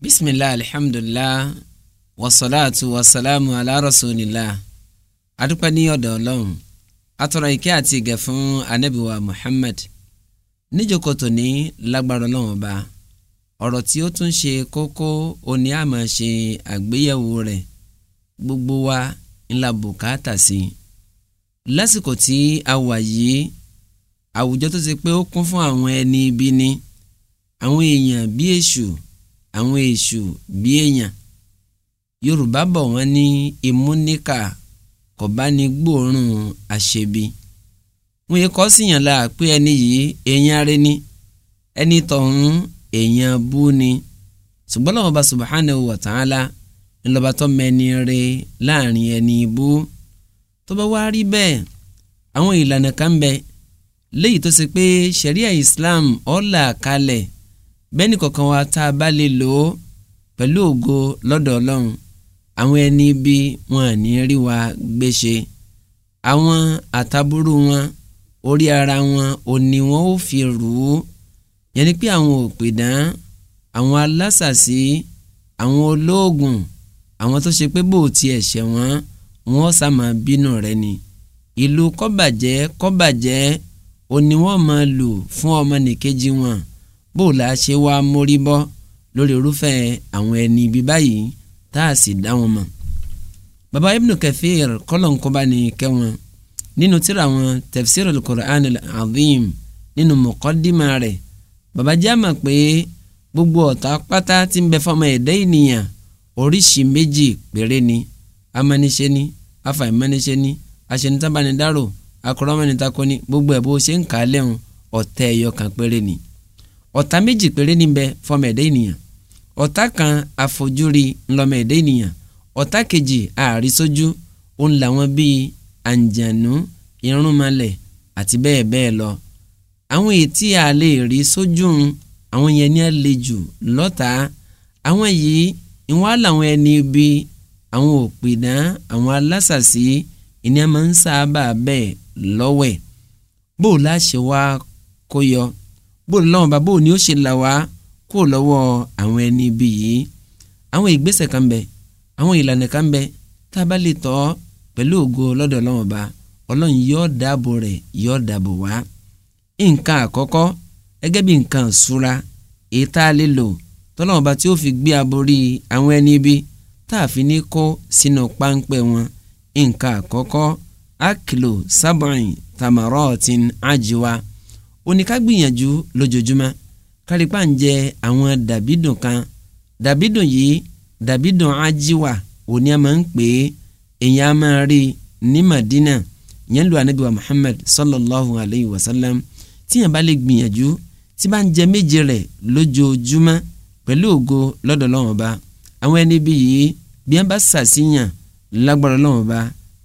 bisimilah alihamdulilah wasalaatu wasalaamu ala rasulillah adúpẹ́ ní ọ̀dọ̀ Ọlọ́run atọrọ ìkẹ́ àti ìgẹ̀ fún anabiwa Muhammad níjókòó tòní lágbára Ọlọ́run ọba ọ̀rọ̀ tí ó tún ṣe kókó òní àmọ ṣe àgbéyẹ̀wò rẹ̀ gbogbo wa ńlá bùkátà sí i lásìkò tí a wà yìí àwùjọ tó ti pé ó kún fún àwọn ẹni ibi ni àwọn èèyàn bí èṣù àwọn èṣù bí èèyàn yorùbá bọ̀ wọ́n ní ìmúníkà kò bá ní gbóòórùn àṣebi wọ́n yẹ kọ́ síyàn la pé ẹni yìí èèyàn rẹ ni ẹni tọ̀hún èèyàn bú ni ṣùgbọ́n lọ́wọ́ bá subhanahu wa ta'ala ńlọba tó mẹni rẹ láàrin ẹni bú tó bá wá rí bẹ́ẹ̀ àwọn ìlànà kan bẹ léyìí tó ṣe pé sharia islam ó là kalẹ̀ bẹ́ẹ̀ni kọ̀ọ̀kan wa tá a bá lè lò ó pẹ̀lú ògo lọ́dọ̀ ọlọ́run àwọn ẹni bí wọn à ní rí wa gbéṣe àwọn àtàbúrú wọn orí ara wọn òní wọn ò fi rù ú yẹn ni pé àwọn òpìdán àwọn alásàsí àwọn olóògùn àwọn tó ṣe pé bò tiẹ̀ ṣẹ̀ wọ́n wọn ó sàmà bínú rẹ ni ìlú kọ́bàjẹ́ kọ́bàjẹ́ òní wọn máa lù fún ọmọ nìkejì wọn bó o la ṣe wá mórí bọ́ lórí irúfẹ́ àwọn ẹni ibi báyìí tá a sì dá wọn mọ̀. baba ibnu kathir kọ́lọ̀nkọ́ba ní kẹwọn nínú tíra wọn tafsir al-Qur'an al-azim nínú muqaddima rẹ̀ baba jama pé gbogbo ọ̀tá pátá tí ń bẹ fọmọ ẹ̀dá ènìyàn oríṣi méjì péré ni amániṣe ni afàìmániṣe ni aṣenitábánidárò akọrọmọnitakoni gbogbo ẹ̀ bó ṣe ń kà á lẹ́hùn ọ̀tá ẹ̀yọ kan ni ọ̀tá méjì péré níbẹ̀ fọmọ ẹ̀dá ènìyàn ọ̀tá kan àfojúrí ńlọmọ ẹ̀dá ènìyàn ọ̀tá kejì àrísójú òun làwọn bíi àǹjànú irúnmalẹ̀ àti bẹ́ẹ̀ bẹ́ẹ̀ lọ àwọn ètí a lè rí sójú àwọn yẹn ní àlejò lọ́tà àwọn yìí ìwọ́n làwọn ẹni bí àwọn òpìdá àwọn alásàsí ìní a máa ń sábà bẹ́ẹ̀ lọ́wẹ̀ bó o láṣẹ wá kó yọ bóun lọ́wọ́ bá bóun ni ó ṣe là wá kó lọ́wọ́ àwọn ẹni ibi yìí àwọn ìgbésẹ̀ kan bẹ àwọn ìlànà kan bẹ tá a bá lè tọ́ pẹ̀lú ògo lọ́dọ̀ lọ́wọ́ bá ọlọ́run yóò dáàbò rẹ̀ yóò dáàbò wá nǹkan àkọ́kọ́ gẹ́gẹ́ bí nǹkan ìṣúra èyí tá a lè lò tọ́lọ́wọ́n bá tí ó fi gbé aborí àwọn ẹni ibi tá a fi ní kó sínú páńpẹ́ wọn nǹkan àkọ́kọ́ akilo sábọ̀n tamarotin ajiwa oníká gbìyànjú lójoojúmọ́ kárípà ń jẹ àwọn dàbídùn kan dàbídùn yìí dàbídùn ajíwà òní a máa ń pè é èyàn a máa rí ní Madina yẹn lu anabi wa Muhammad sallallahu alayhi wa sallam tíyẹn bá lè gbìyànjú tí bá ń jẹ méje rẹ̀ lójoojúmọ́ pẹ̀lú ògo lọ́dọ̀ Ọlọ́run Ọba àwọn ẹni bí yìí bí wọ́n bá ṣàṣìyàn lágbára Ọlọ́run Ọba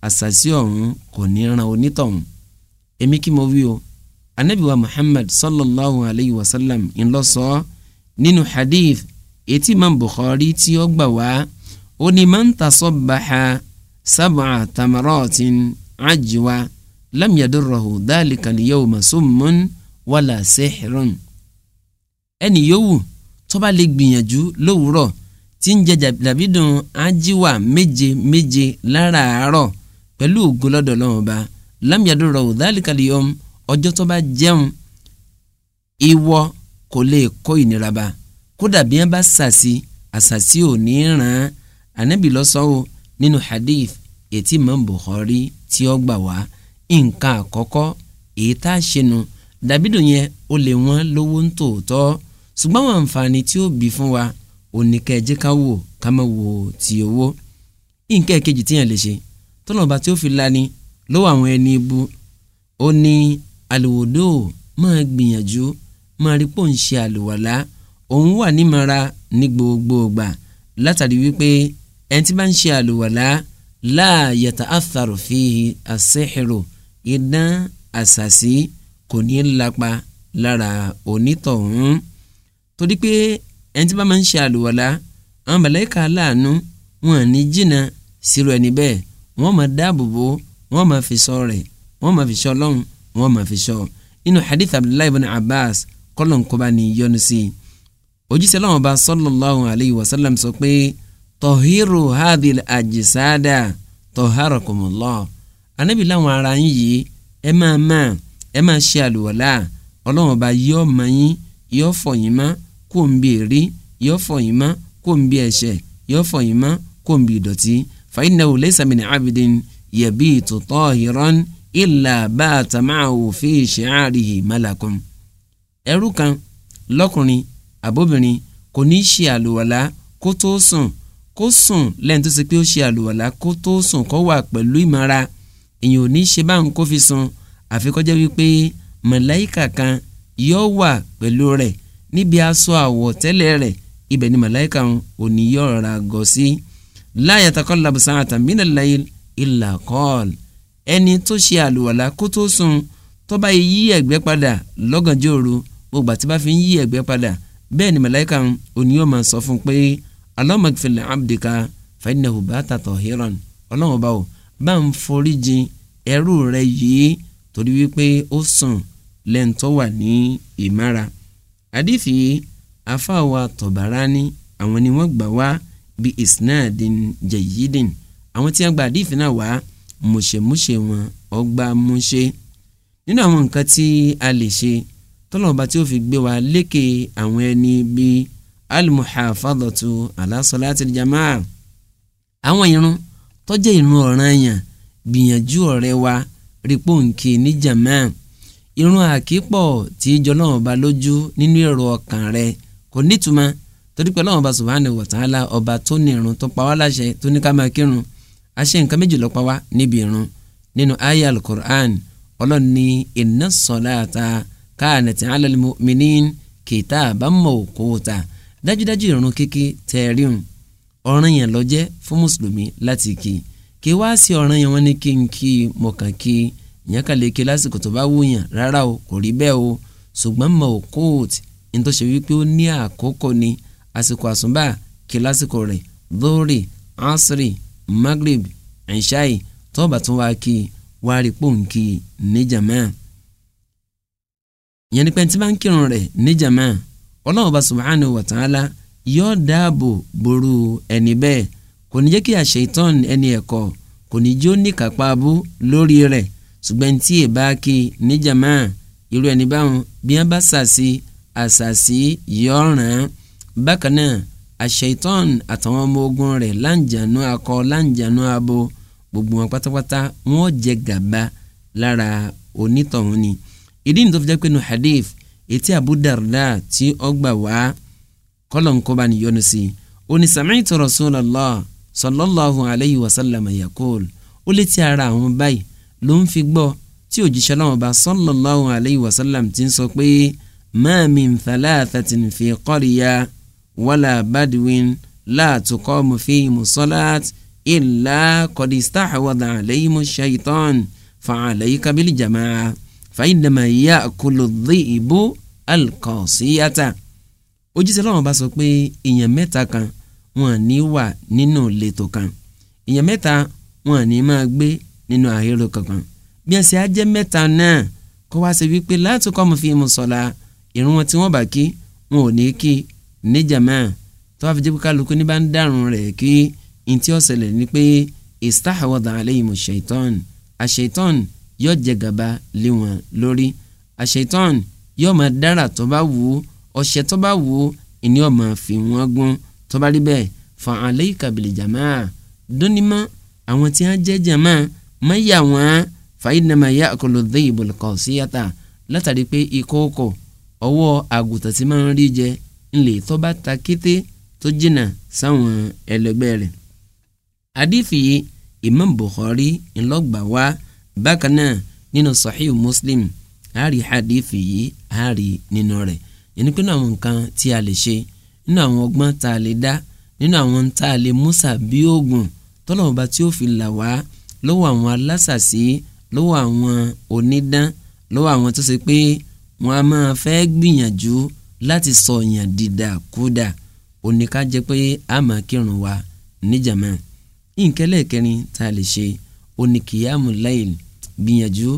àṣàṣì ọ̀hún kò ní ran onítọ̀hún èmi kí mo wí o anabiwa muhammad sallallahu alayhi wa sallam ńlọsọ nínú hadith etí imam bukhari tí ó gbà wá ó ní man tasabbaha sab'a tamaratin ajwa lam yadurruhu dhalika al-yawma summun wala sihrun ẹni yòówù tó bá lè gbìyànjú lówùúrọ̀ tí ń jẹ dàbídùn ajíwà méje méje láràárọ̀ pẹ̀lú ògùn lam yadurruhu dhalika al ọjọ́ tó bá jẹun ìwọ kò lè kó ìnira bá kódà bí wọn bá sàṣì àṣàṣì ò ní ràn án ànábì lọ́sọ̀ nínú hadith ètí Imam Bukhari tí ó gbà wá nǹkan àkọ́kọ́ èyí tá a ṣe nu dàbídò yẹn ó lè wọ́n lówó ń tòótọ́ ṣùgbọ́n àwọn àǹfààní tí ó bí fún wa oníkẹ́jẹ́ ká wò ká wò ti owó nǹkan kejì tíyàn lè ṣe tọ́lọ́ba tí ó fi lani lọ́wọ́ àwọn ẹni ibu ó ní àlùwòdò máa gbìyànjú máa rí pò ń ṣe àlùwàlá òun wà nímara ní gbogbo ìgbà látàrí wípé ẹni tí bá ń ṣe àlùwàlá láàyàtà àfàrò fìhì àṣehìrò idán àṣàṣì kò ní lapa lára onítọ̀hún torí pé ẹni tí bá máa ń ṣe àlùwàlá àwọn màláíkà aláàánú wọn ní jìnnà sírò ẹni bẹ́ẹ̀ wọ́n máa dáàbò bò wọ́n máa fi ṣọ́ rẹ̀ wọ́n máa fi ṣọ́ Ọlọ́run wọ́n máa fi ṣọ́ inú hadith abdullahi ibn abbas kọ́lọ̀ nkọ́ba ni yọnu sí i òjíṣẹ́ lọ́wọ́ bá sallallahu alayhi wa sallam sọ pé tọ̀hírù hadhil àjẹsáàdà tọ̀hárọ̀kùmọ̀lọ́ anábì láwọn ara yín yìí ẹ máa máa ẹ máa ṣe àlùwọ̀lá ọlọ́wọ́n bá yọ ọmọ yín yọ fọyín má kó ń bí èrí yọ fọyín má kó ń bí ẹ̀ṣẹ̀ yọ fọyín má kó ń bí ìdọ̀tí fàyínà ò lẹ́sàmìnà àbìdín yẹ̀bí ìtòtọ́ ìrọ́n ìlà bá a tàmáà òfin ìṣẹ́àrìhì malakun ẹrú kan lọ́kùnrin àbóbìnrin kò ní ṣe àlùwàlá kó tó sùn kó sùn lẹ́yìn tó ṣe pé ó ṣe àlùwàlá kó tó sùn kó wà pẹ̀lú ìmọ̀ra èyàn ò ní ṣe báwọn kó fi sùn àfi wípé màláìkà kan yóò wà pẹ̀lú rẹ̀ níbi aṣọ àwọ̀tẹ́lẹ̀ rẹ̀ ibẹ̀ ni màláìkà ò ní yọ̀ ọ̀rọ̀ àgọ́ sí láyàtàkọ́ làbùsàn àtàmínà láyé ìlà kọ́ọ̀lù ẹni tó ṣe àlùwàlà kó tó sùn tó bá yí ẹ̀gbẹ́ padà lọ́gànjọ́ òru gbogbo àti bá fi ń yí ẹ̀gbẹ́ padà bẹ́ẹ̀ ni màláìka òní yóò máa sọ fún un pé Allahumma ighfir li abdika fa innahu bata tahiran ọlọ́run bá o bá ń foríjìn ẹrú rẹ yìí torí wípé ó sùn lẹ́ǹtọ́ wà ní ìmára àdìsí afáwa Tabarani àwọn ni wọ́n gbà wá bí isnadin jayyidin àwọn tí wọ́n gba àdìsí náà wá mùṣemúṣe wọn ọgbà múṣe nínú àwọn nǹkan tí a lè ṣe tọ́lọ́ọ̀bá tí ó fi gbé wa lékè àwọn ẹni bíi almuhafadatu ala salatil jamaa àwọn irun tó jẹ́ irun ọ̀ranyàn gbìyànjú ọ̀rẹ́ wa rípò nkè ní jamaa irun àkípọ̀ tí ìjọ náà bá lójú nínú èrò ọkàn rẹ kò nítumọ̀ torí pé Ọlọ́hun Ọba subhanahu wa ta'ala ọba tó ní irun tó pa wá láṣẹ tó ní ká máa kírun àṣẹ nǹkan méjì ló pa wá níbi irun nínú ayé alukur'an ọlọ́run ní inna salata kanat ala al-mu'minin kitaban mawquta dájúdájú irun kíkí tẹ̀ríhùn ọ̀ràn yẹn ló jẹ́ fún mùsùlùmí láti kí kí wá sí ọ̀ràn yẹn wọ́n ní kí n kí mọ̀ kàn kí ìyẹn kà lè kí lásìkò tó bá wúyàn rárá o kò rí bẹ́ẹ̀ o ṣùgbọ́n mawqut ní tó ṣe wípé ó ní àkókò ni àsìkò àsùnbà kí lásìkò rẹ̀ dóòrè ásírì magrib ẹ̀ṣáì tọ́ọ̀bà tún wá kí wá pòǹkì níjàmá ìyẹn ni pé tí bá ń kírun rẹ̀ níjàmá ọlọ́run bá subhanahu wa ta'ala yóò dáàbò ború ẹni bẹ́ẹ̀ kò ní jẹ́ kí àṣetán ẹni ẹ̀kọ́ kò ní jó ní kápá abú lórí rẹ̀ ṣùgbọ́n tí ì bá kí níjàmá irú ẹni báwọn bí wọ́n bá sàṣì àṣàṣì yọ̀ọ̀ràn bákan náà àṣeyìtọ́n àtàwọn ọmọ ogun rẹ̀ láǹjànú akọ láǹjànú abo gbogbo wọn pátápátá wọn jẹ gàba lára onítọ̀hún ni ìdí nìtọ́ fi jẹ́ pé nu hadith etí Abu Darda tí ó gbà wá kọ́lọ̀nkọ́ba níyọnu sí i ó ní sami'tu Rasulullah sallallahu alayhi wa sallam yakul ó lé tí ara àwọn báyìí ló ń fi gbọ́ tí òjíṣẹ́ láwọn bá sallallahu alayhi wa sallam ti ń sọ pé ma min thalathatin fi wàlà badiwin láàtúkọ́ mọ̀fẹ́ mùsọ́láàt ìlà kọ́dísítà àwọ̀dà àlẹ́yìn mọ̀ṣáìtàn fàálẹ́yìn kábílì jàmáà fàyídàmà yá kòlòdì ìbò alkọ̀ọ́síyàtà òjíṣẹ́ lọ́wọ́n bá sọ pé èèyàn mẹ́ta kan wọn ní wà nínú ìletò kan èèyàn mẹ́ta wọn ní máa gbé nínú àhérò kankan bí ẹsẹ̀ ajẹ́ mẹ́ta náà kó wá sí wípé láti kọ́ mu fi mu sọ̀la ìrun wọn tí wọ́n bá kí wọn ò ní kí níjàmá tó bá fi kálukú ní bá ń dàrún rẹ̀ kí n tí ó ṣẹlẹ̀ ni pé istahwadha alayhimu shaitan ashaitan yóò jẹ gàba lé wọn lórí ashaitan yóò máa dára tó bá wù ú ọṣẹ tó bá wù ú ìní ó máa fi wọ́n gún tó bá rí bẹ́ẹ̀ fa alayka bil jamaa dónímọ́ àwọn tí wọ́n jẹ́ jamaa má yà wọ́n fa innama ya'kulu dhibul qasiyata látàrí pé ìkookò ọwọ́ àgùntàn tí máa ń rí jẹ ńlẹ̀ tó bá ta kété tó jìnnà sáwọn ẹlẹgbẹ́ rẹ̀. àdìfì Imam buhari ńlọgbà wá bákan náà nínú Sahih Muslim àárí àdìfì yìí àárí nínú rẹ̀ yẹn pé àwọn nǹkan tí a lè ṣe nínú àwọn ọgbọ́n tá a lè dá nínú àwọn tá a lè músà bí oògùn tọ́lọ́mọba tí ó fi là wá lọ́wọ́ àwọn alásàsí lọ́wọ́ àwọn onídán lọ́wọ́ àwọn tó ṣe pé wọ́n a máa fẹ́ gbìyànjú láti sọ̀yàn dìdà kúdà oníka jẹ́ pé a máa kírun wa níjàmá ìǹkẹ́lẹ́ kẹrin tá a lè ṣe oníkìyàmù láìl gbìyànjú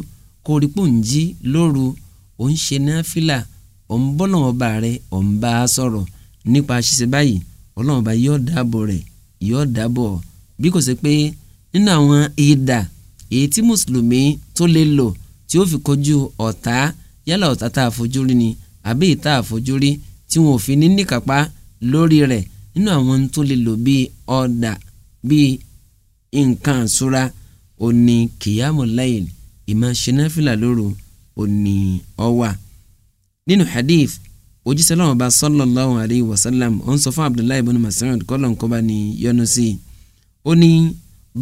kó o rí pò ń jí lóru ò ń ṣe náfìlà ò ń bọ́nà ọba rẹ ò ń bá a sọ̀rọ̀ nípa ṣíṣe báyìí ọlọ́run ọba yóò dáàbò rẹ̀ yóò dáàbò bí kò ṣe pé nínú àwọn ìdà èyí tí mùsùlùmí tó lè lò tí ó fi kojú ọ̀tá yálà ọ̀tá tá a fojú rí ni àbí ìta àfojúrí tí wọn ò fi ní níkàpá lórí rẹ̀ nínú àwọn tó lè lò bíi ọ̀dà bíi nǹkan àṣúra òní kìyàmù láyìn ìmọ̀ ṣẹ́náfìlà lóru òní ọ̀wà. nínú hadith òjíṣẹ́ lọ́wọ́ bá sallallahu alayhi wa sallam ó ń sọ fún abdullahi ibn mas'ud kọ́lọ̀ nkọ́ba ní yọnu sí i ó ní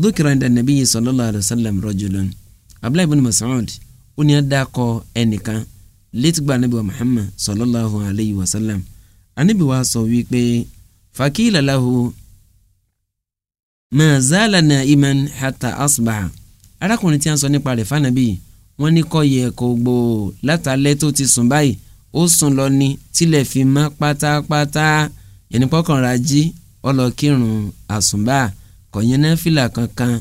dúkìrá ní dànàbí sallallahu alayhi wa sallam rajulun abdullahi ibn mas'ud ó ní á dákọ ẹnìkan létígbà anabi wa muhammad sallallahu alayhi wa sallam anabi wa sọ wípé fakila lahu ma zala na iman hata asbaha arákùnrin tí a ń sọ nípa rẹ̀ fànàbí wọ́n ní kó yẹ kó gbó látàlẹ́ tó ti sùn báyìí ó sùn lọ ní tilẹ̀ fi mọ́ pátápátá ẹnìpọ́kànra jí ọlọ́kírun àsùnbà kọ̀yìn náà fìlà kankan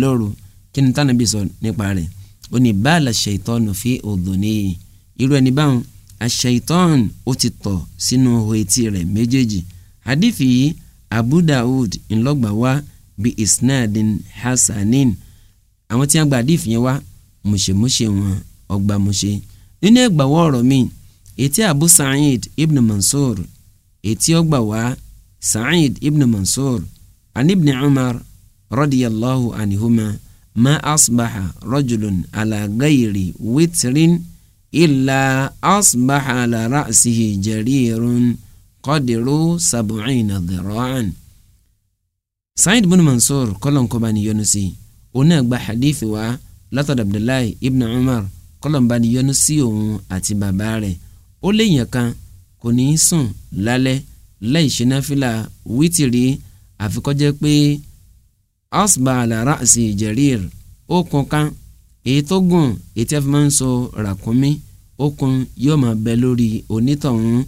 lóru kí ni tànàbí sọ nípa rẹ̀ ó ní bá àlàṣẹ ìtọ́nù fi òdò níyì irú ẹni báwọn aṣ-ṣaitan ó ti tọ̀ sínú ihò etí rẹ̀ méjèèjì hadith yìí Abu Dawud ńlọgbà wá bí isnadin hasanin àwọn tí wọ́n gba hadith yẹn wá mùṣemùṣe wọn ọgbà mùṣe nínú ẹgbàwọ́ ọ̀rọ̀ mi etí Abu Sa'id ibn Mansur etí ọgbà wá Sa'id ibn Mansur an ibn Umar radiyallahu anihuma ma asbaha rajulun ala witrin ilà asbaha ala ra'sihi jarirun qadiru sab'ina dhira'an. Sa'id bin Mansur kọ́lọ́nkọ́ba ni yọnu sí òun náà gba hadith wa látọ̀dọ̀ Abdullahi ibn Umar kọ́lọ́nba ni yọnu sí òun àti bàbá rẹ̀ ó léèyàn kan kò ní í sùn lálẹ́ láì ṣe náfìlà wítìrì àfikọ́jẹ́ pé asbaha ala èyí tó gùn èyí tí a fi máa ń so ràkúnmí okùn yóò máa bẹ lórí onítọ̀hún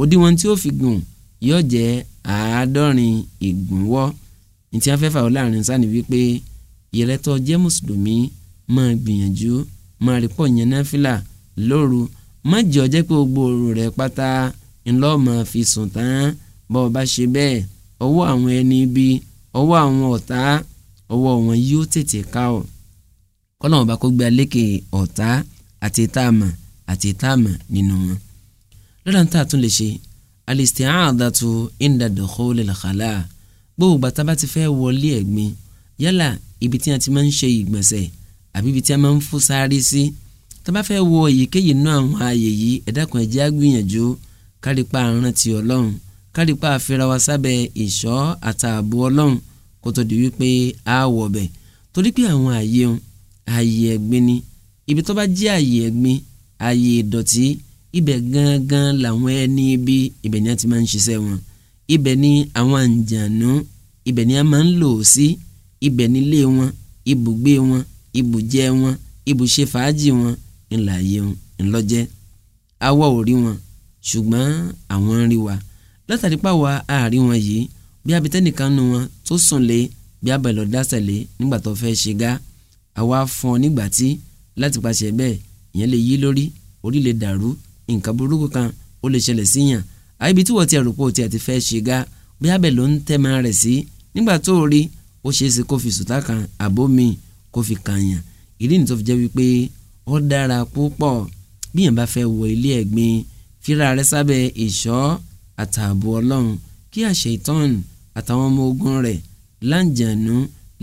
òdiwọ̀n tí ó fi gùn yóò jẹ́ àádọ́rin ìgbọ̀nwọ́ ní tí a fẹ́ fà ó láàrin sáà ni wípé ìrẹ́tọ́ jẹ́ mùsùlùmí máa gbìyànjú máa rí pọ̀ yẹn náfìlà lóru má jẹ́ ọjẹ́ pé gbogbo òru rẹ̀ pátá ńlọ́ máa fi sùn tán bọ́ ọ ṣe bẹ́ẹ̀ ọwọ́ àwọn ẹni ibi ọwọ́ àwọn ọ̀tá ọwọ́ wọn yóò tètè ká ọ kọ́lọ́mù bá kó gbé alékè ọ̀tá àti táàmà àti táàmà nínú wọn. lọ́dà tá a tún lè ṣe al-isti'adatu inda dukhulil khala gbogbo bàtà bá ti fẹ́ wọlé ẹ̀gbin yálà ibi tí a ti máa ń ṣe ìgbọ̀nsẹ̀ àbí ibi tí a máa ń fò sáré sí tá a bá fẹ́ wọ èyíkéyìí náà àwọn ààyè yìí ẹ dákun ẹ jẹ́ á gbìyànjú ọlọ́run kárípa àfihàn sábẹ́ ìṣọ́ àtààbò ọlọ́run kó di wípé a wọ̀ bẹ̀ torí pé àwọn ààyè òun ààyè ẹ̀gbin ni ibi tó bá jẹ́ ààyè ẹ̀gbin ààyè ìdọ̀tí ibẹ̀ gangan làwọn ẹni ibi ibẹ̀ ni a ti máa ń ṣiṣẹ́ wọn ibẹ̀ ni àwọn àǹjànú ibẹ̀ ni a máa ń lò ó sí ibẹ̀ nílé wọn ibùgbé wọn ibùjẹ wọn ibùṣe fàájì wọn ńlá wọn ńlọ́jẹ́ awọ ò wọn ṣùgbọ́n àwọn ń rí wa látàrí pàwọ́ àárín wọn yìí bí abitẹ́nìkan nu wọn tó sùn lé bí abẹ́lọ́dásẹ̀ nígbà tó fẹ́ ṣe gá àwa fún ọ nígbà tí láti pàṣẹ bẹ́ẹ̀ ìyẹn lè yí lórí orí lè dàrú nǹkan burúkú kan ó lè ṣẹlẹ̀ síyàn àyíbi tí wọ́n ti àròpọ̀ tí a ti fẹ́ ṣe ga bí abẹ ló ń tẹ́ máa rẹ̀ sí nígbà tó o rí ó ṣeé ṣe kó fi sùtá kan àbó mi kó fi kàyàn ìdí nìtọ́ fi jẹ́ wípé ó dára púpọ̀ bí yẹn bá fẹ́ wọ ilé ẹ̀gbin fíra rẹ sábẹ́ ìṣọ́ àtààbò ọlọ́run kí àṣẹ ìtọ́n àtàwọn ọmọ ogun rẹ̀ láǹjànú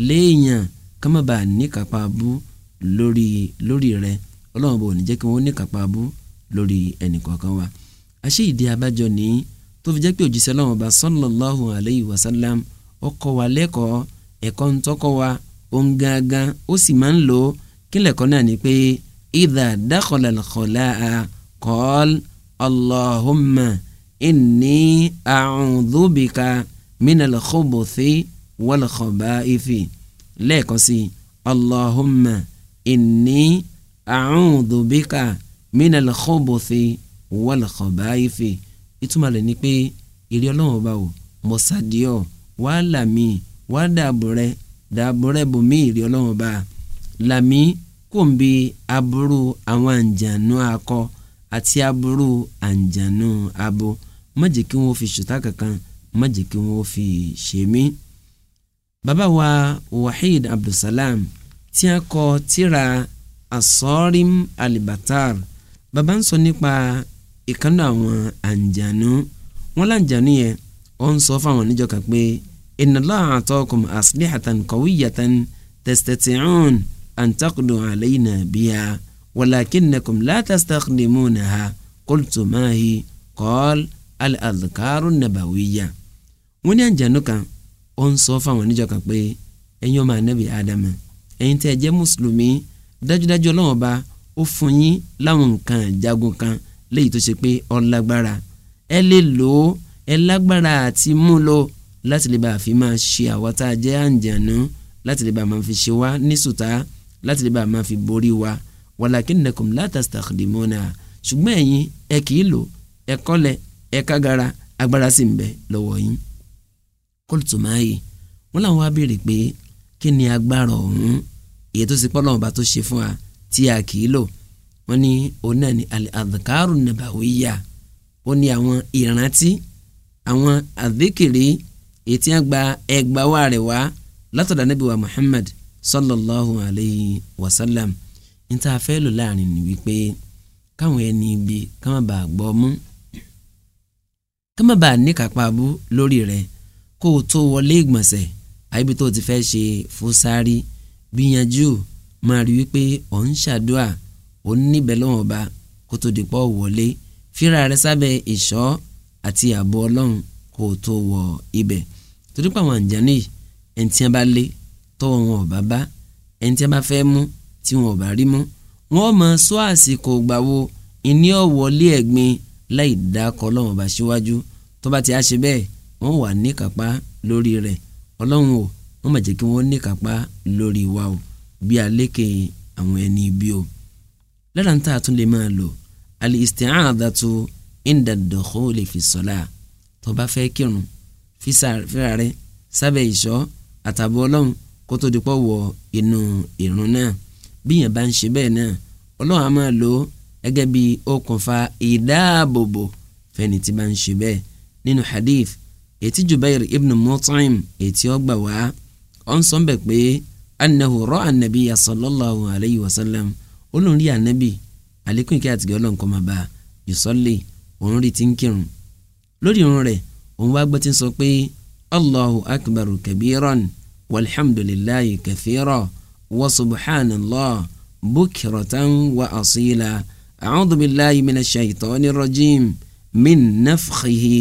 léèyàn ká má bàa níkàpá bú lórí lórí rẹ ọlọ́run bò ní jẹ́ kí wọ́n níkàpá bú lórí ẹnì kọ̀ọ̀kan wa àṣé ìdí abájọ ní tó fi jẹ́ pé òjíṣẹ́ ọlọ́run bá sallallahu alayhi wa sallam ó kọ́ wa lẹ́kọ̀ọ́ ẹ̀kọ́ ń tọ́kọ́ wa òun gangan ó sì máa ń kílẹ̀kọ́ náà ni pé idha dakhala al-khala'a qal allahumma inni a'udhu bika minal khubuthi wal khabaithi lẹ́ẹ̀kan sí allahumma inni a'udhu bika minal khubuthi wal khabaifi ìtumọ̀ rẹ̀ ni pé èrè ọlọ́run ọba o mọ̀sádìọ́ wàá là mí wàá dààbò rẹ dààbò rẹ bò mí èrè ọlọ́run ọba là mí kò ń bi aburú àwọn àǹjànú akọ àti aburú àǹjànú abo má jẹ́ kí wọ́n fi ṣùtá kankan má jẹ́ kí wọ́n fi ṣèmí bàbá wa Wahid Abdulsalam tí a kọ tírà asọ́rim alibatar bàbá ń sọ nípa ìkànnì àwọn àǹjànú wọn láǹjànú yẹn ó ń sọ fáwọn oníjọ kan pé inna Allaha atakum aslihatan qawiyatan tastati'un an taqdu alayna biha walakinnakum la tastakhdimunaha qultu ma hi qal al-adhkaru nabawiyya ní àǹjànú kan ó ń sọ fáwọn oníjọ kan pé ẹ̀yin ọmọ ànábì ádámà ẹ̀yin tẹ́ ẹ jẹ́ mùsùlùmí dájúdájú ọlọ́run ọba ó fún yín láwọn nǹkan jagun kan léyìí tó ṣe pé ó lágbára ẹ lè lò ó ẹ lágbára àti mú lò láti lè bá a fi máa ṣe àwa tá a jẹ́ àǹjànú láti lè bá a máa fi ṣe wá ní sùtá láti lè bá a máa fi borí wa walakinnakum la tastakhdimuna ṣùgbọ́n ẹ̀yin ẹ kì í lò ẹ kọ́lẹ̀ ẹ kágara agbára sì ń bẹ lọ́wọ́ yín kólùtùmáyì wọn làwọn wá béèrè pé kí ni agbára ọ̀hún èyí tó ti pọ́ lọ́wọ́ bá tó ṣe fún wa tí a kì í lò wọ́n ní òun náà ní al-adhkaru nabawiyya ó ní àwọn ìrántí àwọn àdékèrè èyí tí wọ́n gba ẹgbàá wa rẹ̀ wá látọ̀dọ̀ Ànábì wa Muhammad sallallahu alayhi wa sallam ní tá a fẹ́ lò láàrin ni wípé káwọn ẹni ibi ká má bàa gbọ́ mú ká má bàa níkàpá abú lórí rẹ̀ kó o tó wọlé ìgbọ̀nsẹ̀ àyíbi tó o ti fẹ́ ṣe fúsárì gbìyànjú máa rí wípé ò ń ṣàdúà ò ń níbẹ̀ lọ́wọ́ ọba kó tó dìpọ̀ wọlé fíra rẹ sábẹ́ ìṣọ́ àti ààbò ọlọ́run kó o tó wọ ibẹ̀ torí pé àwọn àǹjáni yìí ẹni tí wọn bá lé tọwọ́ wọn ò bá bá ẹni bá fẹ́ mú tí wọn ò rí mú wọn mọ sọ àsìkò gbàwo ìní ọ̀wọ́lé ẹ̀gbin láì dákọ̀ ọlọ́run ọba síwájú tó bá ti á ṣe bẹ́ẹ̀ wọ́n wà níkàpá lórí rẹ̀ ọlọ́run o wọ́n má jẹ́ kí wọ́n níkàpá lórí wa o bí alékè àwọn ẹni bí o. lára ń tà tún lè máa lò al-isti'adatu inda ad-dukhuli fi s-salah tó bá fẹ́ kírun fíra rẹ̀ sábẹ́ ìṣọ́ àtàbọ̀ ọlọ́run kó tó di pọ̀ wọ inú ìrun náà bí yẹn bá ń ṣe bẹ́ẹ̀ náà ọlọ́run á máa lò ó gẹ́gẹ́ bí okùnfà ìdáàbòbò fẹ́ni tí bá ń ṣe bẹ́ẹ̀ nínú hadith ètí Jubair ibn Mut'im ètí ọgbà wá ọ̀n sọ bẹ́ẹ̀ pé annahu ra'a an-nabiyya sallallahu alayhi wa sallam olórí ànábì àlékún ìkẹ́ àtìgẹ́ ọlọ́nkọ́ máa bá yusalli òun rí ti ń kírun lórí irun rẹ̀ òun wá gbọ́ ti sọ pé allahu akbar kabiran walhamdulillahi kathira wa subhanallah bukratan wa asila a'udhu billahi minash shaitani rajim min nafkhihi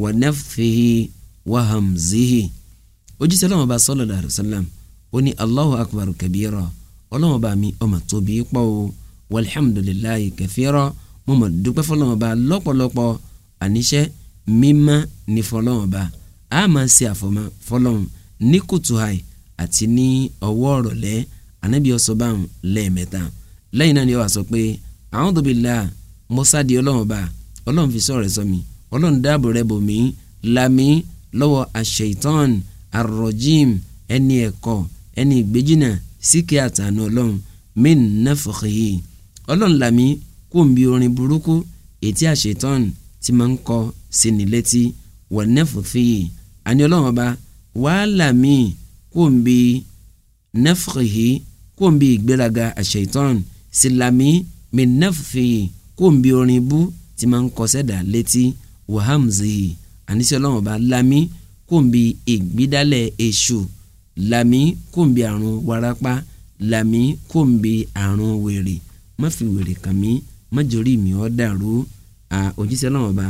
wa nafthihi wa hamzihi ojúṣe ọlọ́run ọba sallallahu alaihi wasallam ó ní allahu akbar kabira ọlọ́run ọba mi ọmọ tóbi pọ̀ o walhamdulillahi kathira mo mọ̀ dúpẹ́ fọlọ́run ọba lọ́pọ̀lọpọ̀ àníṣe mímá ní fọlọ́run ọba a máa ṣe àfọmọ́ fọlọ́run ní kùtù àì àti ní ọwọ́ ọ̀rọ̀lẹ́ ànábì ọ̀sọ́ báwọn lẹ́ẹ̀mẹ́ta lẹ́yìn náà ni ó sọ pé a'udhu billah mo sáde ọlọ́run ọba ọlọ́run fi sọ̀rọ̀ sọ mi ọlọ́run dáàbò rẹ bò lami lọ́wọ́ àṣeyìtàn àròjìm ẹni ẹ̀kọ́ ẹni ìgbéjìnà síkẹ́ àtànà ọlọ́run min nafkhihi ọlọ́run lami kò ń bi orin burúkú ètí àṣeyìtàn tí máa ń kọ sí ni létí wọ́n nafkhihi àní ọlọ́run ọba wàá lami kò ń bi nafkhihi kò ń bi ìgbéraga àṣeyìtàn sí lami min nafkhihi kò ń bi orin bú tí máa ń kọ sẹ́dà létí wàhámzihi àníṣe ọlọ́run ọba lami kòmbi ìgbídálẹ̀ èṣù lami kòmbi àrùn warapa lami kòmbi àrùn wèrè má fi wèrè kàn mí mi ọ́ dàrú òjíṣẹ́ ọlọ́run ọba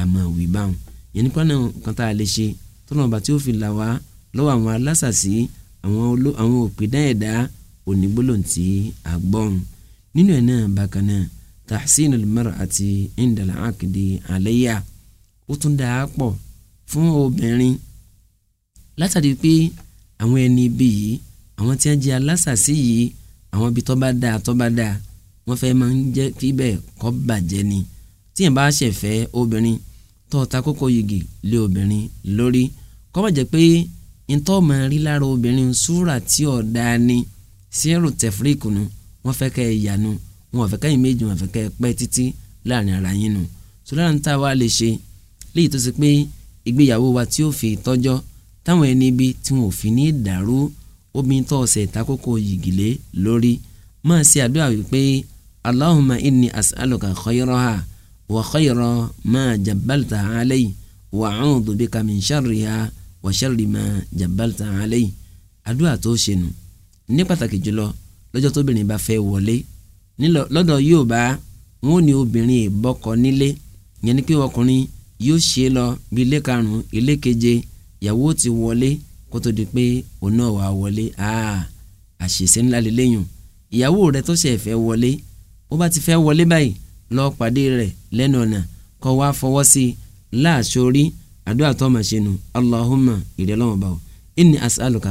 àmọ́ òwì báwọn yẹn kan tá a lè ṣe tọ́nà ọba tí ó fi là wá lọ́wọ́ àwọn alásàsí àwọn òpìdá ẹ̀dá onígbólóǹtì àgbọ̀n nínú ẹ̀ náà bákan náà tahsinul mar'ati indal aqdi alayya ó tún dáa pọ̀ fún obìnrin látàrí pé àwọn ẹni ibi yìí àwọn tí wọ́n jẹ́ alásàsí yìí àwọn ibi tó bá dáa tó bá dáa wọ́n fẹ́ máa ń jẹ́ kí bẹ́ẹ̀ kọ́ bàjẹ́ ni tí yẹn bá ṣẹ̀fẹ́ obìnrin tó ta kókó yìgì lé obìnrin lórí kọ́ bàjẹ́ pé ntọ́ máa rí lára obìnrin súrà tí ò dáa ni sírù tẹ̀fúríkù nu wọ́n fẹ́ kẹ́ ẹ yànnu wọn fẹ́ kẹ́ ẹ méjì wọn fẹ́ kẹ́ ẹ pẹ́ títí láàrin ara yín nu sọlára ń tà wá lè ṣe léyìí tó ṣe pé ìgbéyàwó wa tí ó fi tọ́jọ́ táwọn ẹni ibi tí wọn ò fi ní dàrú obìnrin tó ọ̀sẹ̀ ìtakókò yìgìlẹ̀ lórí máa ṣe àdúrà wípé Allahumma inni as'aluka khayraha wa khayra ma jabbalta alayhi wa a'udhu bika min sharriha wa sharri ma jabbalta alayhi àdúrà tó ṣe nù ní pàtàkì jùlọ lọ́jọ́ tóbìnrin bá fẹ́ wọlé lọ́dọ̀ Yorùbá wọn ò ní obìnrin ìbọ́kọ nílé yẹn ni pé ọkùnrin yóò ṣe lọ bí ilé karùn-ún ilé keje ìyàwó ti wọlé kó tó di pé òun náà wà wọlé ah, àṣìṣe ńlá lélẹ́yìn ìyàwó rẹ tó ṣe fẹ́ wọlé ó bá ti fẹ́ wọlé báyìí lọ pàdé rẹ lẹ́nu ọ̀nà kó wá fọwọ́ sí i láàṣọ orí àdúrà tó máa ṣe nù Allahumma ìrẹ́lọ́wọ̀n bá o inni as'aluka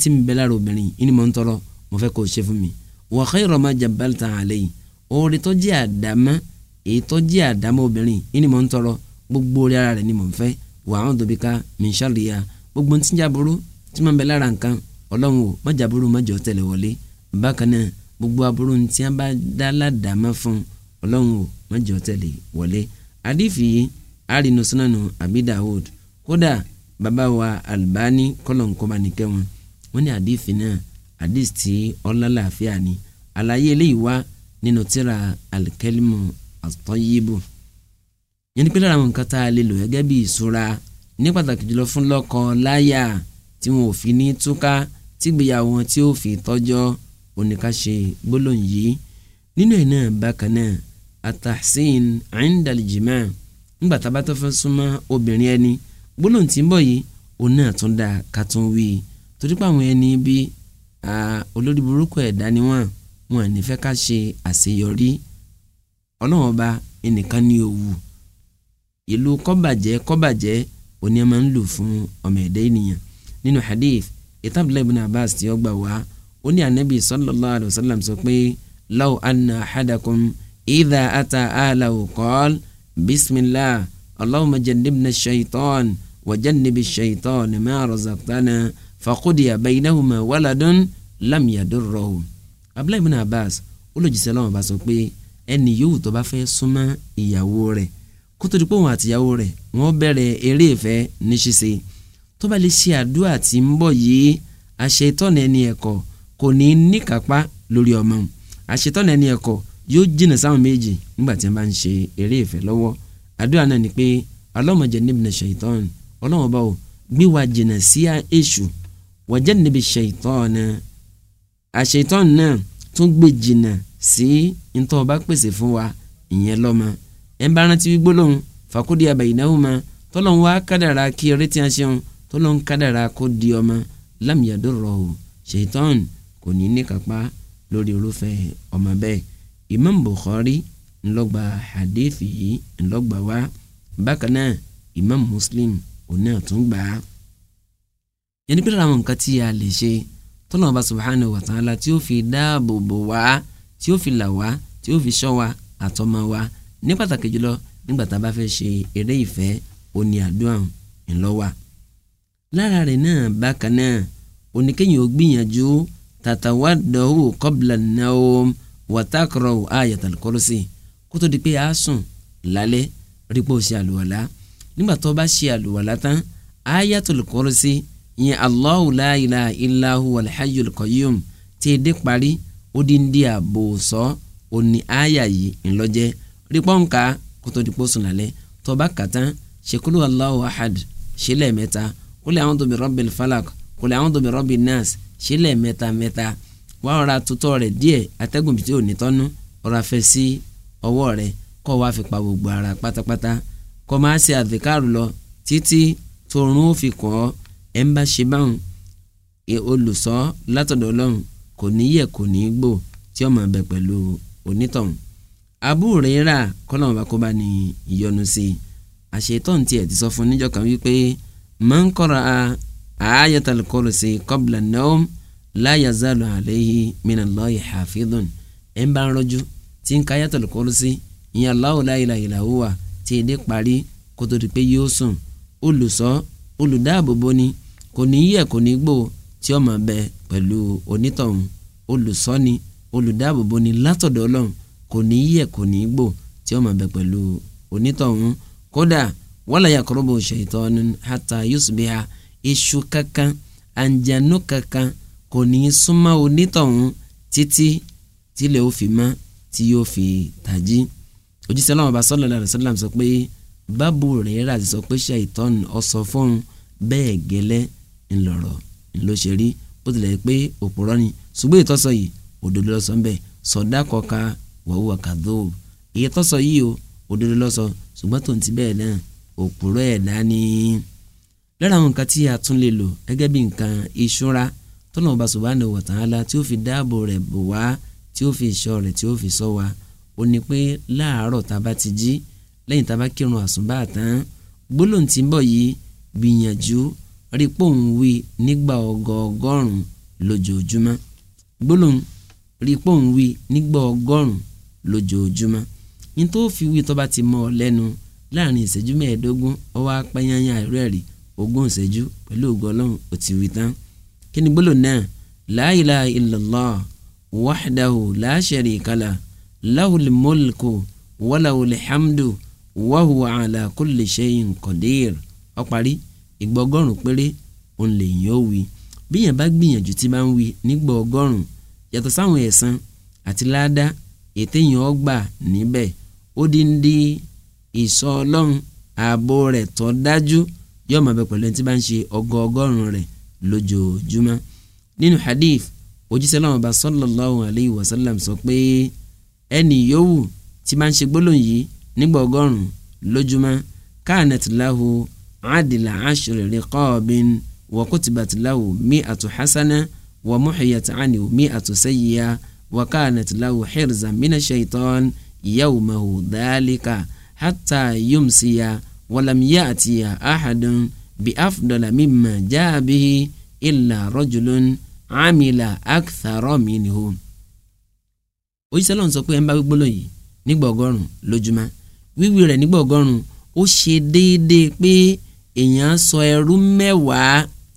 tí mi bẹ́ẹ̀ lára obìnrin ìní mọ̀ ń tọrọ mo fẹ́ kó o ṣe fún mi wa khayra ma jabbalta alayhi orí tó jẹ́ àdámá èyí tó jẹ́ àdámọ́ obìnrin ìní mò ń tọrọ gbogbo orí ara rẹ̀ ni mò ń fẹ́ wà áwọn tóbi ká min sharriha gbogbo tí ń jaburú tí máa ń bẹ lára nǹkan ọlọ́run ò má jaburú má jọ tẹ̀lé wọlé bákan náà gbogbo aburú tí a bá dá ládàámá fún ọlọ́run ò má jọ tẹ̀lé wọlé àdìfì yìí àrínú sunanu Abi Dawud kódà bàbá wa Albani kọlọ̀nkọ́ba nìkẹ́ wọn wọ́n ní àdìfì náà àdìsí ọlọ́láàfíà ni àlàyé eléyìí wá nínú tíra al àtọ́yíbù yẹn ni pé lára àwọn nǹkan tá a lè lò gẹ́gẹ́ bí ìṣúra ní pàtàkì jùlọ fún lọ́kọ láyà tí wọn ò fi ní túká tígbéyàwó wọn tí ó fi tọ́jọ́ oníkàṣe gbólóhùn yìí nínú ẹ̀ náà bákan náà atahsin indalijima nígbà tá a bá tó fẹ́ súnmọ́ obìnrin ẹni gbólóhùn tí ń bọ̀ yìí òun náà tún dá ká tún wí torí pé ẹni bí olórí burúkú ẹ̀dá ni wọ́n wọn ò ní fẹ́ ká ṣe àṣeyọrí ọlọ́run ọba ẹnìkan ní òwú ìlú kọ́bàjẹ́ kọ́bàjẹ́ òní ẹ̀ máa ń lò fún ọmọ ẹ̀dá ènìyàn nínú hadith ìtàbílẹ̀ ibn Abbas tí ó gbà wá ó ní anabi sallallahu alayhi wa sallam sọ pé law anna ahadakum idha ata ahlahu qal bismillah allahumma jannibna shaitan wa jannibi shaitan ma razaqtana faqudiya waladun lam yadurruhu abdullahi ibn Abbas olójúṣe lọ́wọ́ bá sọ pé ẹni yòówù tó bá fẹ́ súnmọ́ ìyàwó rẹ̀ kó tó di pé òun àtìyàwó rẹ̀ wọ́n bẹ̀rẹ̀ eré ìfẹ́ ní ṣíṣe tó bá lè ṣe àdúrà tí ń bọ̀ yìí àṣetọ́nà ẹni ẹ̀kọ́ kò ní níkàpá lórí ọmọ àṣetọ́nà ẹni ẹ̀kọ́ yóò jìnnà sáwọn méjì nígbà tí wọ́n bá ń ṣe eré ìfẹ́ lọ́wọ́ àdúrà náà ni pé Allahumma jannibna shaytan Ọlọ́run bá o gbé wa jìnnà sí èṣù wa jannibi shaytan àṣetọ́nà náà tún gbé jìnnà sí ntọ́ ọba pèsè fún wa ìyẹn lọ́mọ ẹ̀ ń bá rántí wí gbólóhùn fàkúndì àbàyìnáhùnmá tọ́lọ́hún wá kádàrá kí ọrẹ́ tí a ṣeun tọ́lọ́hún kádàrá kó di ọmọ lámìyàdọ́rọ̀ o ṣètọ́n kò ní ní kápá lórí irúfẹ́ ọmọ bẹ́ẹ̀ Imam Bukhari ńlọgba hadithi yìí ńlọgba wa, bákan náà Imam Muslim òní àtúngbà á yẹn ní pẹ́ẹ́rẹ́ àwọn nǹkan tí a lè ṣe tọ́lọ́hún bá subhanahu wa ta'ala tí ó fi dáàbò bò wá tí ó fi là wá tí ó fi ṣọ́ wa àtọmọ wa ní pàtàkì jùlọ nígbà tá a bá fẹ́ ṣe eré ìfẹ́ òní àdúrà ńlọ́wà lára rẹ̀ náà bákan náà oníkéyìn ó gbìyànjú tàtàwá dọ̀wọ́ kọ́bìlà náà wàtàkùrọ̀ àyàtà kọ́lọ́sì kó tó di pé a sùn lálẹ́ rí pé o ṣe àlùwàlá nígbà bá ṣe àlùwàlá tán àyàtà kọ́lọ́sì ìyẹn Allahu la ilaha illahu huwal hayyul qayyum tí èdè parí odindi ààbò sọ òní àyà yìí ńlọjẹ rí pọ́ǹkà kótó dípò sùn lálẹ́ tọ́ba kàtá ṣèkúlù Allahu ahad ṣílẹ̀ mẹ́ta kúlẹ̀ àwọn tóbi rabbil falak kúlẹ̀ àwọn tóbi rabbin nas ṣílẹ̀ mẹ́ta mẹ́ta wá ọ̀rá tutọ́ rẹ̀ díẹ̀ atẹ́gùn bìtí ò ní tọ́nu ọ̀rá fẹ́ sí ọwọ́ rẹ̀ kọ́ wá fi pa gbogbo ara pátápátá kọ́ máa ṣe àdìkárù lọ títí torun ó fi kọ́ ẹ̀ e ń bá ṣe báwọn e, olùsọ látọ̀dọ̀ ọlọ́run kò ní yẹ kò ní gbò tí ó bẹ pẹ̀lú onítọ̀hún Abu Huraira kọ́nà bá kó bá ní ìyọnu sí i àṣetọ́n tiẹ̀ ti sọ fún níjọ́ kan wípé man qara'a ayatal kursi qabla an-nawm la yazalu alayhi minallahi hafidhun ẹ̀ ń bá ń rọ́jú tí ń ka ayatal kursi ìyẹn Allahu la ilaha illa huwa tí èdè parí kó tó di pé yóò sùn olùsọ olùdáàbòbò ni kò ní yẹ kò ní gbò tí ó máa bẹ pẹ̀lú onítọ̀hún olùsọ́ni olùdáàbòbò ni látọ̀dọ̀ ọlọ́run kò ní yẹ kò ní gbò tí ó máa bẹ pẹ̀lú onítọ̀hún kódà wala yakurubu ṣètọ́nu hata yusbiha iṣu kankan àǹjànú kankan kò ní súnmọ́ onítọ̀hún títí tílẹ̀ ó fi mọ́ tí yóò fi tàjí òjíṣẹ́ ọlọ́run ọba sallallahu alaihi wasallam sọ pé bábù rẹ̀ rà sọ pé ṣètọ́nu ó ló ṣe rí bó tilẹ̀ pé òpùrọ́ ni ṣùgbọ́n ìtọ́sọ yìí òdodo lọ́sọ ń bẹ̀ sọ̀dá kọ̀ọ̀ka wọ̀húwà kàdó ìyẹ́tọ́sọ yìí o òdodo lọ́sọ ṣùgbọ́n tó ń ti bẹ́ẹ̀ náà òpùrọ́ ẹ̀ dání. lára àwọn nǹkan tí a tún lè lò gẹ́gẹ́ bí nǹkan ìṣúra tọ́nà ọba subhanahu wa ta'ala tí ó fi dáàbò rẹ̀ bò wá tí ó fi ìṣọ́ rẹ̀ tí ó fi ṣọ́ wa ó ní pé láàárọ̀ tá bá ti jí lẹ́yìn tá bá kírun àsùnbà tán gbólóhùn tí ń bọ̀ yìí gbìyànjú rí pòun wí nígbà ọgọọgọ́rùn lójoojúmọ́ gbólóhùn rí pòun wí nígbà ọgọ́rùn lójoojúmọ́ yín tó fi wí tó bá ti mọ́ ọ lẹ́nu láàrin ìṣẹ́jú mẹ́ẹ̀ẹ́dógún ọwọ́ apẹ́yányá rẹ̀ rí ogún ìṣẹ́jú pẹ̀lú ògo Ọlọ́run ó ti wí tán kí ni gbólóhùn náà la ilaha illallah wahdahu la sharika lah lahul mulku walahul hamdu wa huwa ala ìgbà ọgọ́rùn péré òun lè yàn ó wí bí yàn bá gbìyànjú tí bá ń wí nígbà ọgọ́rùn yàtọ̀ sáwọn ẹ̀san àti láàdá ètè yàn ó gbà níbẹ̀ ó dín dín ìsọ ọlọ́run ààbò rẹ̀ tó dájú yóò máa bẹ pẹ̀lú ẹni tí bá ń ṣe ọgọ ọgọ́rùn rẹ̀ lójoojúmọ́ nínú hadith òjíṣẹ́ láwọn ọba sallallahu alayhi wa sallam sọ pé ẹni yòówù tí bá ń ṣe gbólóhùn yìí nígbà ọgọ́rùn lójúmọ́ kānat lahu adìlà ashri riqabin wa kutibat lahu mi'atu hasana wa muhiyat anhu mi'atu sayyi'a wa kanat lahu hirzan mina shaitan yawmahu dhalika hatta yumsiya walam ya'tiya ahadun bi afdala mimma jaa bihi illa rajulun amila akthara minhu òjíṣẹ́ sọ pé ẹ̀ ń yìí nígbà ọgọ́rùn-ún wíwí rẹ̀ nígbà ọgọ́rùn ó ṣe déédéé pé èèyàn sọ ẹrú mẹ́wàá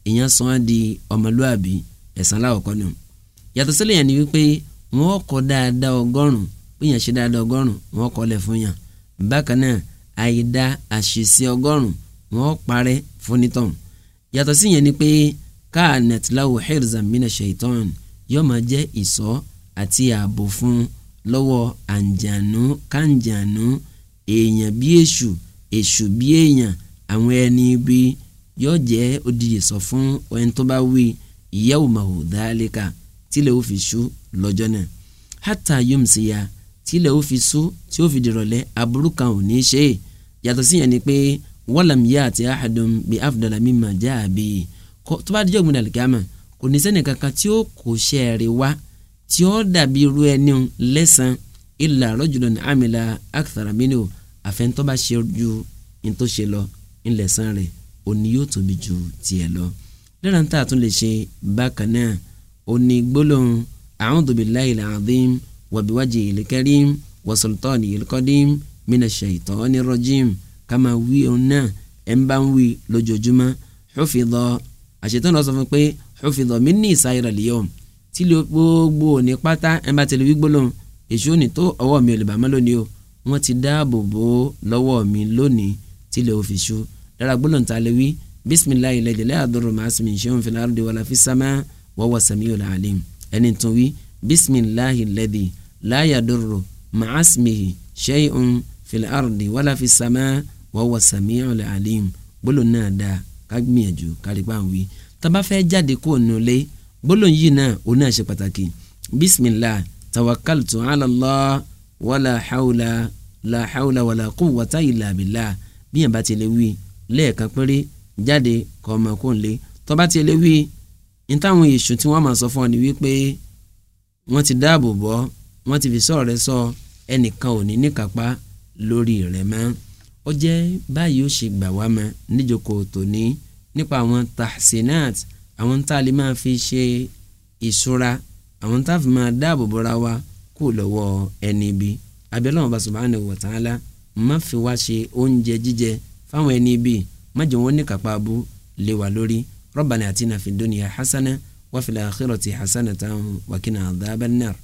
èèyàn sọ wọn di ọmọlúàbí ẹ̀san láwọ̀kọ́ nù yàtọ̀ sílẹ̀ yẹn ni wípé wọn kọ́ dáadáa ọgọ́rùn èèyàn ṣe dáadáa ọgọ́rùn wọn kọ́ lẹ̀ fún yàn bákan náà àìda àṣìṣe ọgọ́rùn wọn parẹ́ fúnitọ̀hún yàtọ̀ sí yẹn ni pé káànet láwù hirzan mina shaitan yóò máa jẹ́ ìṣọ́ àti ààbò fún lọ́wọ́ àǹjànú kàǹjànú èèyàn bí èṣù èṣù bí èèyàn àwọn ẹni bi yóò jẹ́ odiyè sọ fún ẹni tó bá wí ìyẹ́wò màwò dáálíkà tílẹ̀ ó fi ṣú lọ́jọ́ náà hátà yóò sì ya tílẹ̀ ó fi ṣú tí ó fi dìrọ̀lẹ́ aburú kan ò ní ṣe é yàtọ̀ sí yẹn ni pé wọ́làm yá àti ahadum bí afdala mimma jaa bí tó bá dijọ́ gbọ̀ndà lìkàmà kò ní sẹ́ni kankan tí ó kò ṣe é rí wá tí ó dàbí irú ẹni lẹ́sàn illa rajulun amila akthara minhu àfẹ́ntọ́ bá ṣe ní tó ńlẹ̀sán rẹ̀ òní yóò tóbi ju tiẹ̀ lọ lára tá a tún lè ṣe bákan náà òní gbólóhùn a'udhu billahi al-azim wa biwajhihi al-karim wa sultanihi al-qadim kama wí òun náà ẹ̀ ń bá ń wí lójoojúmọ́ hufidha àṣetán lọ sọ fún pé hufidha minni sayra al-yawm tí gbogbo òní pátá ẹ̀ bá tẹ̀lé wí gbólóhùn èṣù òní mi ò lè lára gbólóhùn tá a lè wí bisimilayi lẹ́dí lẹ́yà dọ́rọ̀ màá sùn mí ṣé òun fi láàrú de wàlá fi sámá wọ́wọ́ sàmí yóò làálẹ̀ ẹni tún wí bisimilayi lẹ́dí láyà dọ́rọ̀ màá sùn mí ṣé òun fi láàrú de wàlá fi sámá wọ́wọ́ sàmí yóò làálẹ̀ gbólóhùn náà dáa ká gbìyànjú kárí pa àwọn wí tá bá fẹ́ jáde kó nu lé gbólóhùn yìí náà òun bisimilayi tawakkaltu ala Allah hawla la hawla wàlá quwwata illa billah bí ti lè wí lẹ́ẹ̀kan péré jáde kọ́ ọmọ kó lé tó bá ti lè wí ní táwọn èṣù tí wọ́n máa sọ fún ọ ní wípé wọ́n ti dáàbò bọ́ wọ́n ti fi sọ̀rọ̀ rẹ sọ ẹnìkan ò ní níkàpá lórí rẹ mọ́ ó jẹ́ báyìí ó ṣe gbà wá mọ́ níjókòó tòní nípa àwọn tahsinat àwọn tá a lè máa fi ṣe ìṣúra àwọn tá a fi máa dáàbò bọ́ra wa kú lọ́wọ́ ẹni bí abẹ́lẹ́ wọn bá subhanahu wa ta'ala má fi wá ṣe oúnjẹ jíjẹ fáwọn ẹni bíi má jẹ́ wọn ní kápá abú lé wa lórí rabbana atina fid dunya hasana wa fil akhirati hasanatan wa qina adhaban nar